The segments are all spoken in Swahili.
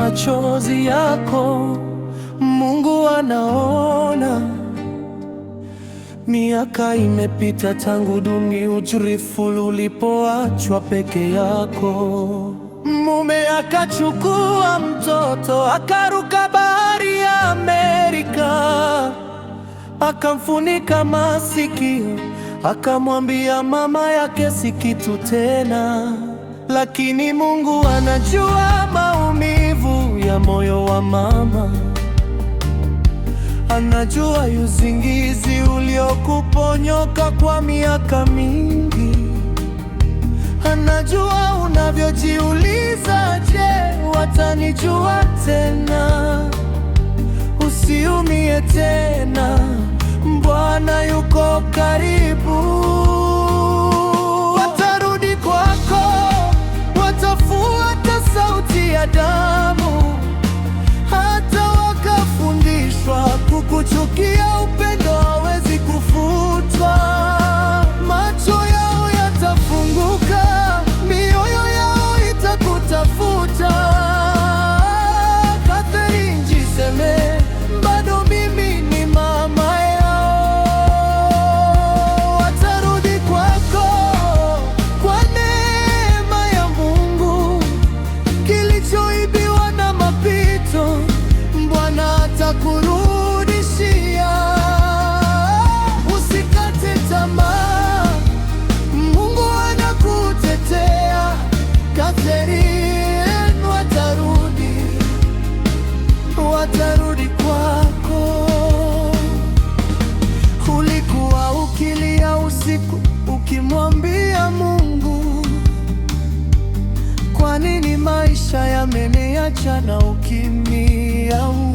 machozi yako Mungu anaona. Miaka imepita tangu Dungi Hujurefu ulipoachwa peke yako. Mume akachukua mtoto akaruka bahari ya Amerika, akamfunika masikio, akamwambia mama yake si kitu tena, lakini Mungu anajua maumi ya moyo wa mama, anajua uzingizi uliokuponyoka kwa miaka mingi, anajua unavyojiuliza, je, watanijua tena? Usiumie tena, Bwana yuko karibu. good. uliniacha na ukimia huu,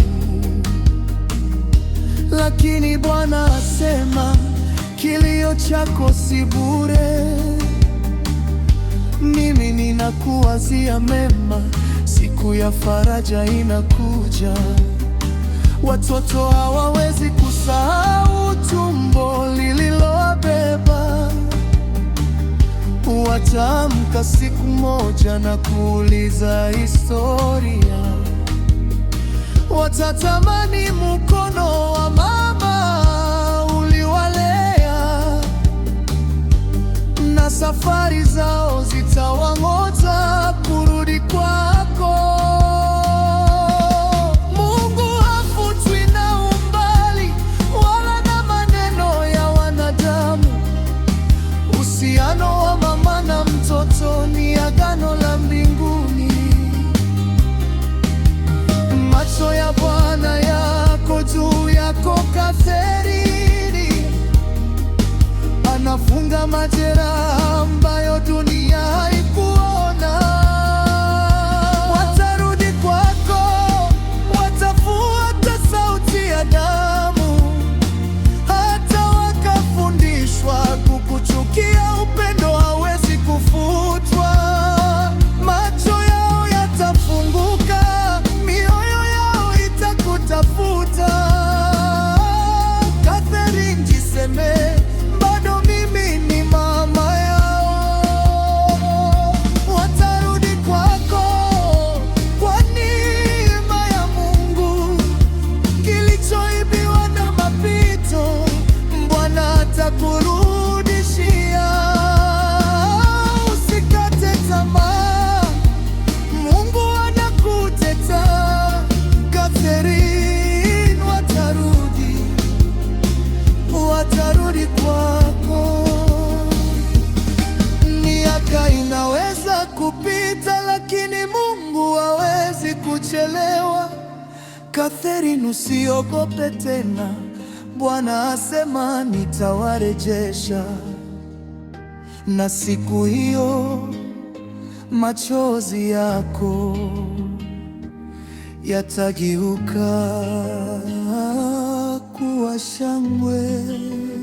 lakini Bwana asema kilio chako si bure. Mimi ninakuwazia mema, siku ya faraja inakuja, watoto hawawezi Nitafika siku moja na kuuliza historia, watatamani mkono wa mama uliwalea, na safari zao zitawang'oza kurudi kwa my jitter Katherine, usiogope tena, Bwana asema nitawarejesha. Na siku hiyo machozi yako yatageuka kuwa shangwe.